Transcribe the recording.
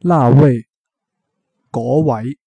那位，嗰位。